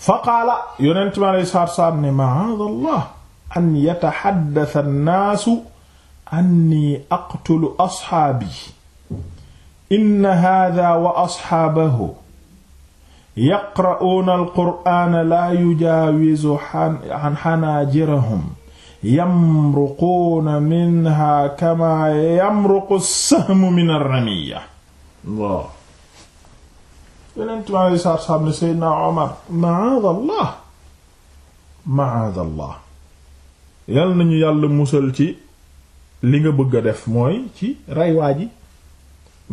fa qaala yonent mi alei salaatu salaam ne maada allah an yataxaddasa annaasu anni aqtulu asxaabi inna haadaa wa asxaabahu yaqra'uuna alqur'aana laa yujaawizu xanaajirahum yamruquuna minhaa kamaa yamruqu ssahmu min arramiya Allah yeneen tubaab yi sax xam ne Seydina Omar maadallah maadallah yal nañu yàlla musal ci li nga bëgg a def mooy ci rey waa ji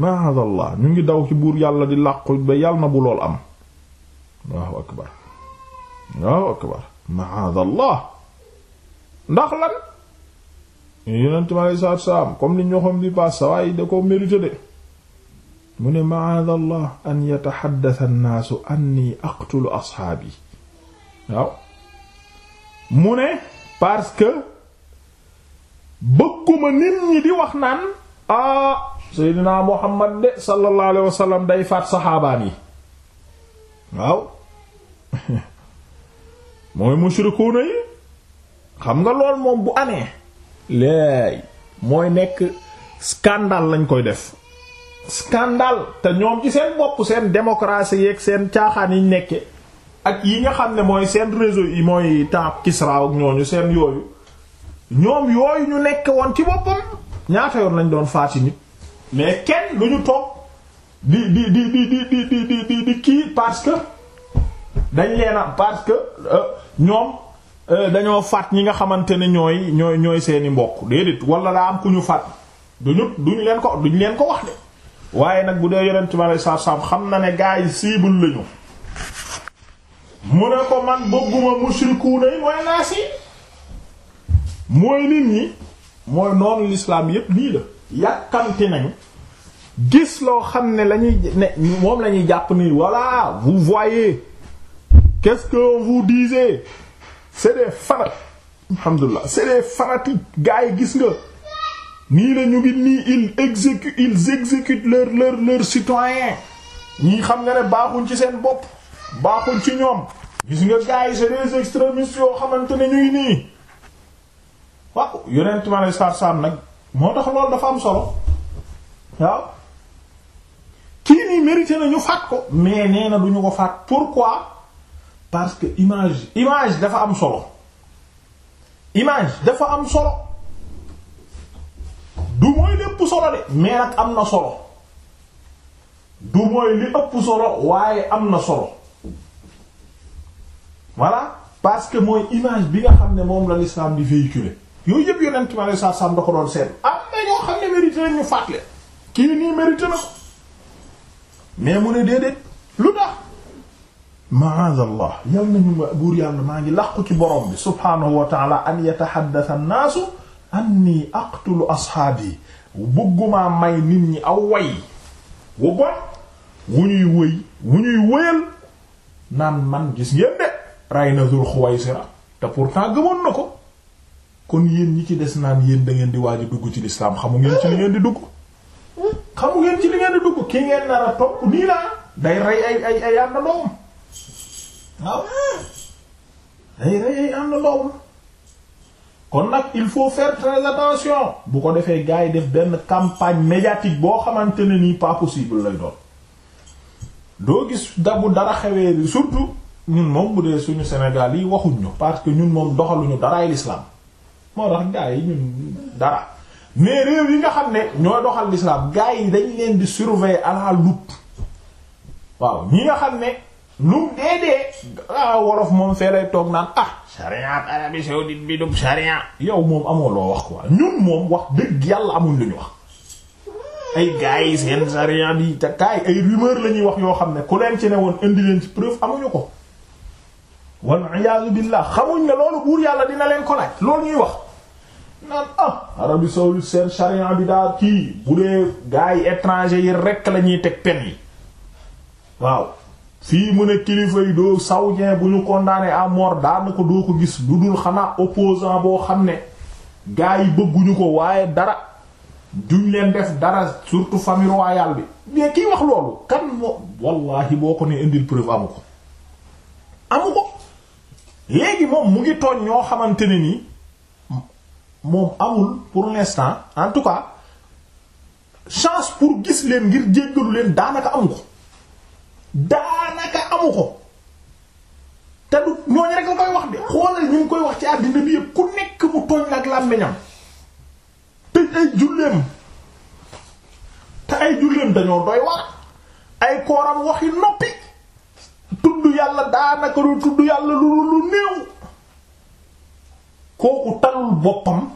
maadallah ñu ngi daw ci buur yàlla di làqu ba yàlla na bu lool am Allahu akbar Allahu akbar maadallah ndax lan yeneen tubaab yi sax comme li ñu bi paas sa waaye da ko mérité de. mu ne maada allah an yataxaddasa annaasu anni aqtulu asxaabi waaw mu ne parce bëgguma nit ñi di wax naan ah seydinaa muhammad de sallallahu day faat saxaabaan yi waaw mooy mushrikuuna yi xam nga lool moom bu amee léegi mooy nekk scandale lañ koy def scandale te ñoom ci seen bopp seen démocratie yeeg seen caaxaan yi nekke ak yi nga xam ne mooy seen réseau yi mooy temps Kisra ak ñooñu seen yooyu ñoom yooyu ñu nekk woon ci boppam ñaata yoon lañ doon faati nit mais kenn lu toog di di di di di kii parce que dañ leen a parce que euh, ñoom euh, dañoo faat ñi nga xamante ne ñooy ñooy ñooy seeni mbokk déedéet wala daa am ku ñu faat duñu duñ leen ko duñ leen ko wax de waaye nag bu dee yonent bi aleyhi salaatu salaam xam na ne gaa yi siibul lañu mu ne ko man bëgguma mushrikuuna yi mooy naas yi mooy nit ñi mooy noonu lislaam yépp lii la yàkkamti nañu gis loo xam ne lañuy ne moom lañuy jàpp nii voilà vous voyez qu'est-ce que on vous disait c'est des fanatiques alhamdulillah c'est des yi gis nga nii la ñu ngi nii ils exécutent ils exécutent leur leur leur citoyen ñii xam nga ne baaxuñ ci seen bopp baaxuñ ci ñoom gis nga gars yi c'est extrémistes yoo xamante ne ñuy nii waaw yonent ma lay saar nag moo tax loolu dafa am solo waaw kii nii mérité na ñu faat ko mais nee na du ñu ko faat pourquoi parce que image image dafa am solo image dafa am solo du mooy lépp solo de mais nag am na solo du mooy li ëpp solo waaye am na solo voilà parce que mooy image bi nga xam ne moom la l'islam di véhiculer yooyu yëpp yonent mi alei satu salaam da seet am na ñoo xam ne mérité ñu fàatle kii nii mérité mais mu ne déedéet lu tax maadallah yal nañu ma buur yàlla maa ngi làqu ci borom bi subhaanahu wa taala an yataxaddasa annaasu anni aqtulu asxaabi bëggumaa may nit ñi aw way wu bon wu ñuy wëy wu ñuy wëyal naan man gis ngeen de ray na Zul Xuwaysira te pourtant gëmoon na ko kon yéen ñi ci des naan yéen dangeen di waaj dugg ci lislaam xamu ngeen ci li ngeen di dugg xamu ngeen ci li ngeen di dugg ki ngeen nar a topp nii laa day rey ay ay ay ànd waaw day rey ay ànd kon nag il faut faire très attention bu ko defee gars yi def benn campagne médiatique boo xamante ne nii pas possible lay doon doo gis da dara xewee surtout ñun moom bu dee suñu Sénégal yi waxuñ ñu parce que ñun moom doxaluñu daraay l'islam moo tax gars yi ñun dara mais réew yi nga xam ne ñoo doxal l'islam gars yi dañ leen di surveiller à la loupe waaw ñi nga xam ne. lu dee dee ah wolof moom fee toog naan ah sharia Arabie saoudite bi dum sharia yow moom amoo loo wax quoi ñun moom wax dëgg yàlla amuñ lu ñu wax ay gars yi seen sharia bi te kaay ay rumeur la ñuy wax yoo xam ne ku leen ci ne woon indi leen ci preuve amuñu ko wal iyaazu billah xamuñ ne loolu buur yàlla dina leen ko laaj loolu ñuy wax naan ah Arabie saoudite seen sharia bi daa kii bu dee gars yi étranger yi rekk lañuy teg pen yi waaw fii mu ne kilifa yi doo saoudien bu ñu condamné à mort daanaka doo ko gis lu dul xanaa opposant boo xam ne gars yi bëgguñu ko waaye dara duñ leen def dara surtout famille royale bi mais kii wax loolu kan moo wallahi boo ko ne indil preuve amu ko amu ko léegi moom mu ngi tooñ ñoo xamante ne nii moom amul pour l'instant en tout cas chance pour gis leen ngir jéggalu leen daanaka amu ko daanaka amu ko te du ñooñu rek la koy wax de xoolal ñu koy wax ci àddina bi yëpp ku nekk mu tooñ ak làmmiñam tëj ay julleem te ay julleem dañoo doy war ay kooram wax noppi tudd yàlla daanaka du tudd yàlla lu lu néew kooku talul boppam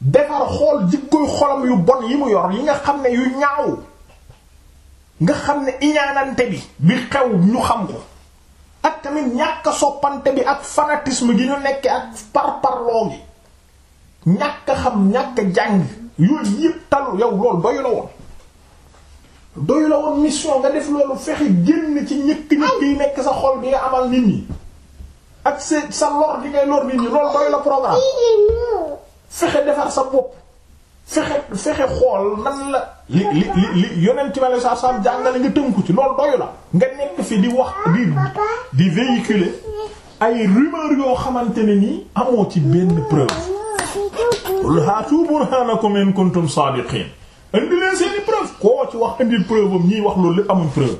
defar xool jikkoy xolam yu bon yi mu yor yi nga xam ne yu ñaaw nga xam ne iñaanante bi bi xew ñu xam ko ak tamit ñàkk soppante bi ak fanatisme gi ñu nekk ak parparloo gi ñàkk xam ñàkk jàng yooyu yëpp talu yow loolu doyu la woon doyu la woon mission nga def loolu fexe génn ci ñëkk ñëkk yi nekk sa xol bi nga amal nit ñi ak sa sa lor bi ngay lor nit ñi loolu doyu la programme fexe defar sa bopp fexe fexe xool nan la li li li yonent ma la saa saa jàngale nga tënku ci loolu doyu la nga nekk fi di wax di di véhiculer ay rumeur yoo xamante ne nii amoo ci benn preuve qul haatu burhanakum in kuntum saadiqin indi leen seeni preuve koo ci wax indi preuve am ñuy wax loolu lépp amuñ preuve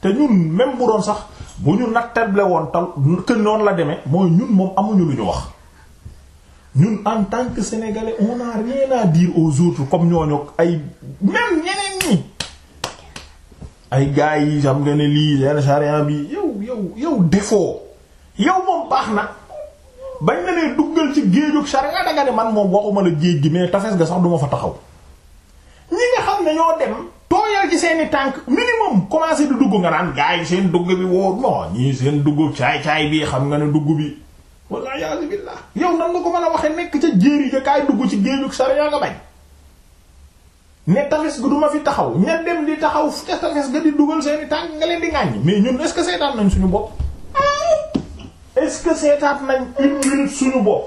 te ñun même bu doon sax bu ñu nattable woon tal que noonu la demee mooy ñun moom amuñu lu ñu wax ñun en tant que sénégalais on n'a rien à dire aux comme ñooñu ay même ñeneen ñi ay gars yi xam nga ne lii seen charia bi yow yow yow defoo yow moom baax na bañ na ne duggal ci géejug charia danga ne man moom waxuma la géej gi mais tafes ga sax duma fa taxaw ñi nga xam ne ñoo dem tooyal ci seeni tànk minimum commencé di dugg nga naan gars yi seen dugg bi woo non ñii seen dugg caay caay bi xam nga ne dugg bi. walla yaasu billah yow nan nga ko mën a waxe nekk ca jéeri ja kaay dugg ci géejug sare yaa nga bañ ne tafes ga du ma fi taxaw ña dem di taxaw ca tafes ga di dugal seeni tànk nga leen di ŋàññ mais ñun est-ce que seetaan nañ suñu bopp est-ce que seetaan nañ une minute suñu bopp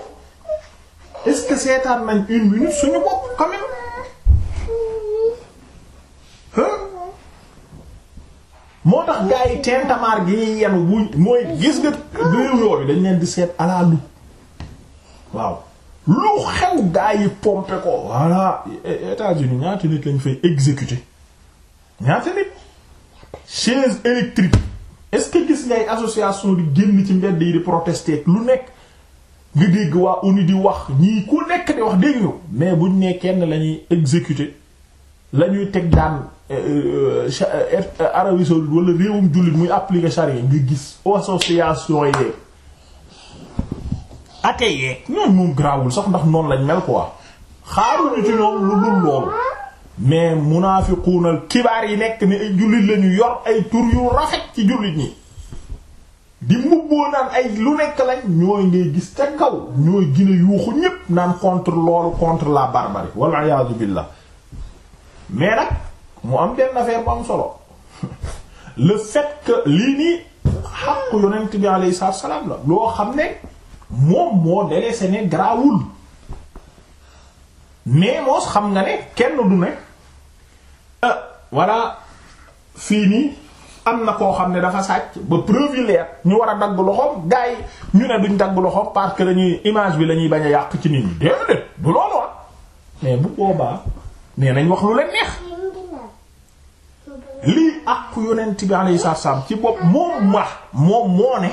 est suñu bopp quand moo tax gars yi tentamaar gi yenu bu mooy gis nga réew yooyu dañ leen di seet à la loupe waaw lu xew gaa yi pomper ko voilà États-Unis ñaata nit lañ fay exécuter ñaata nit chaise électrique est-ce que gis ngay association di génn ci mbedd yi di protester lu nekk nga dégg waa ONU di wax ñii ku nekk di wax dégg nga mais buñ ne kenn lañuy exécuter lañuy teg daan euh, euh, euh, Arabie saoudite wala réewum jullit muy appliquer charia nga gis association yeeg ate yeeg ñoom moom grawul sax ndax noonu lañ mel quoi xaaruñu ci ñoom lu dul loolu mais munaafiquunal kibaar yi nekk ni ay jullit lañu yor ay tur yu rafet ci jullit ñi di mbubboo naan ay lu nekk lañ ñooy ngay gis ca kaw ñooy gën a yuuxu ñépp naan contre loolu contre la barbarie wal iyaadu billah mais nag mu am benn affaire bu am solo le fait lii nii xaqu yonent bi alayhi salaatu salaam la loo xam ne moom moo délaissé ne garaawul mais moos xam nga ne kenn du ne ah fii nii am na koo xam ne dafa sàcc ba preuve leer ñu war a dagg loxoom gars yi ñu ne duñ dagg loxoom parce que dañuy image bi la bañ a yàq ci nit ñi déedéet du loolu ah. mais bu boobaa. nee nañ wax lu leen neex lii àqu yonent bi alayhi salaam ci bopp moom wax moom moo ne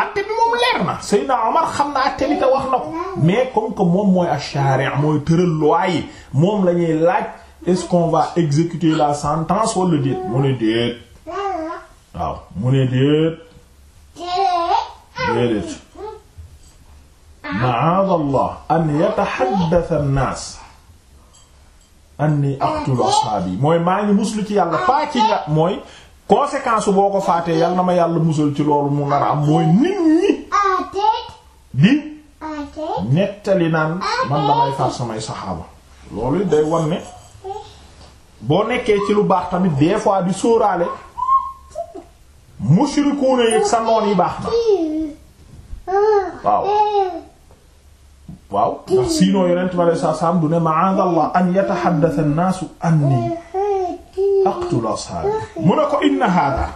atte bi moom leer na Seydina Omar xam na atte bi te wax na ko mais comme que moom mooy ash-shari' mooy tëral loi yi moom la ñuy laaj est-ce qu'on va exécuter la sentence wala déet mu ne déet waaw mu ne déet déedéet ma'aadallah an yatahaddatha an-naas anni aqtulu ashaabi mooy maa ngi muslu ci yàlla pas ci nga mooy conséquence boo ko faatee yàlla na ma yàlla musal ci loolu mu nar am mooy nit ñi di nettali naan man damay faat samay saxaaba loolu day wan ne boo nekkee ci lu baax tamit des fois di sóoraale mushrikuuna yëg sa noon yi baax na waaw waaw ndax sinon yonent bi alei sat salaam du ne ma'adallah an yataxaddasa an-naasu anni aqtul ashaabi mu ne ko inna hada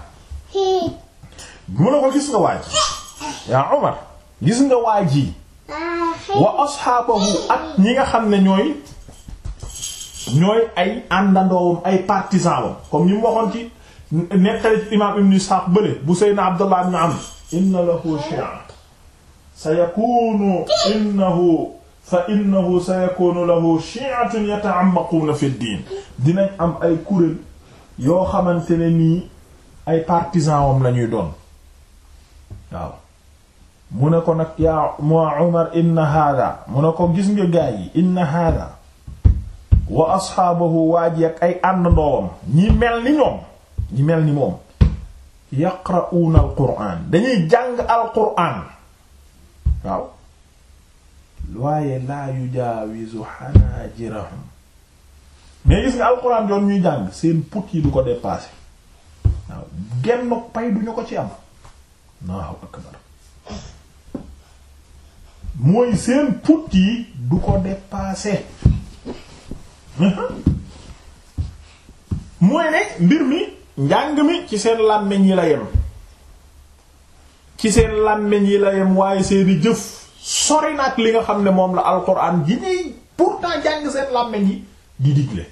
mu ne ko gis nga waaj yaa Umar gis nga waaj wa ashaabahu ak ñi nga xam ne ñooy ñooy ay àndandoowam ay partisan wam comme ñu waxoon ci nettali imaam ibn Isxaaq bële bu Seydina Abdullah ibn Amr inna lahu shi'a sayakuunu innahu fa innahu sayakuunu lahu shi'atun yata'ammaquuna fi diin dinañ am ay kuréel yoo xamante ne nii ay partisan wam lañuy doon waaw mu ne ko nag yaa mu ne ko gis nga gaay yi inna hada wa asxaabahu waaj ay ànd ndoowam ñi mel ni ñoom ñi mel ni moom yaqra'uuna al quraan dañuy jàng al quraan waaw waaye laa yujaawizu xanaajirahum mais gis nga alxuraan yoon ñuy jàng seen put yi du ko dépassé waaw genn pay duñu ko ci am Allahu mooy seen put yi du ko dépassé mooy ne mbir mi njàng mi ci seen làmmiñ yi la yem ci seen làmmiñ yi la waaye seeni jëf sori li nga xam ne moom la alquran ji ñuy pourtant jàng seen làmmiñ yi di digle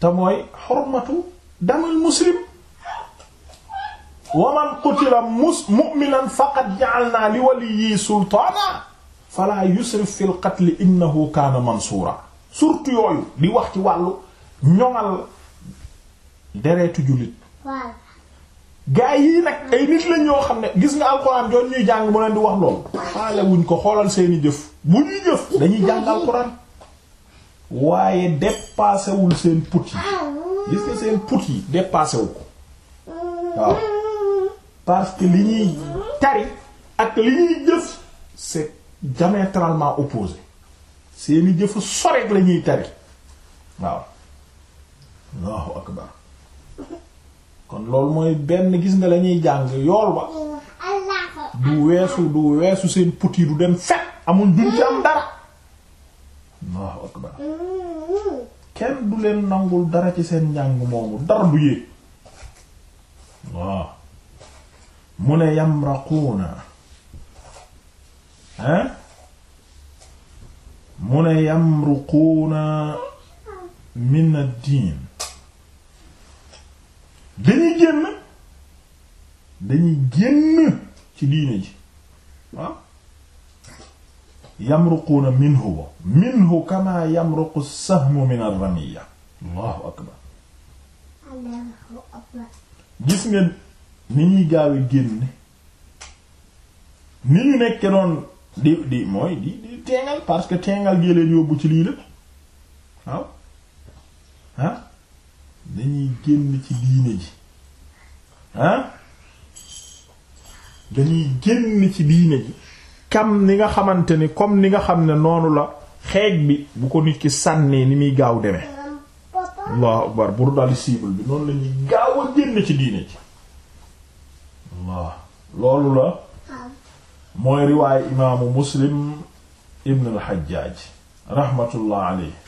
te mooy xormatu damal muslim wa man qutila mus mu'minan faqad ja'alna li waliyyi sultaana fala yusrif fil qatl innahu kaana mansuura surtout yooyu di wax ci wàllu ñoŋal deretu jullit gaa yii nag ay nit lañ ñoo xam ne gis nga alxuraan doon ñuy jàng mu leen di wax lool xaale wuñ ko xoolal seeni jëf bu ñuy jëf dañuy jàng alxuraan waaye dépassé wul seen put yi gis yi dépassé wu ko waaw parce que li ñuy tari ak li ñuy jëf c'est diamétralement opposé seeni jëfu soreek la ñuy tari waaw Allahu akbar kon loolu mooy benn gis nga lañuy jàng yool ba du weesu du weesu seen put yi du dem fet amul duñ ci am dara kenn du leen nangul dara ci seen njàng moomu dara du yéeg waaw mu ne yamraquuna hein mu ne yamruquuna min ad-diin dañuy génn dañuy génn ci diine ji waaw ah? yamruquuna minhu minhu kama yamruqu sahmu min ar-ramiya allahu akbar gis nga ni ñuy gaawe génn ni ñu nekke doon di di mooy di di teengal parce que teengal gi yóbbu ci lii la waaw ah, ah? dañuy génn ci diine ji ah dañuy génn ci diine ji kam ni nga xamante ni comme ni nga xam ne noonu la xeej bi bu ko nit ki sànnee ni muy gaaw deme allahu akbar pour dal cible bi noonu lañuy gaaw a génn ci diine ji waaw loolu la mooy riwaaye imaamu muslim ibn al-Hajjaj rahmatullah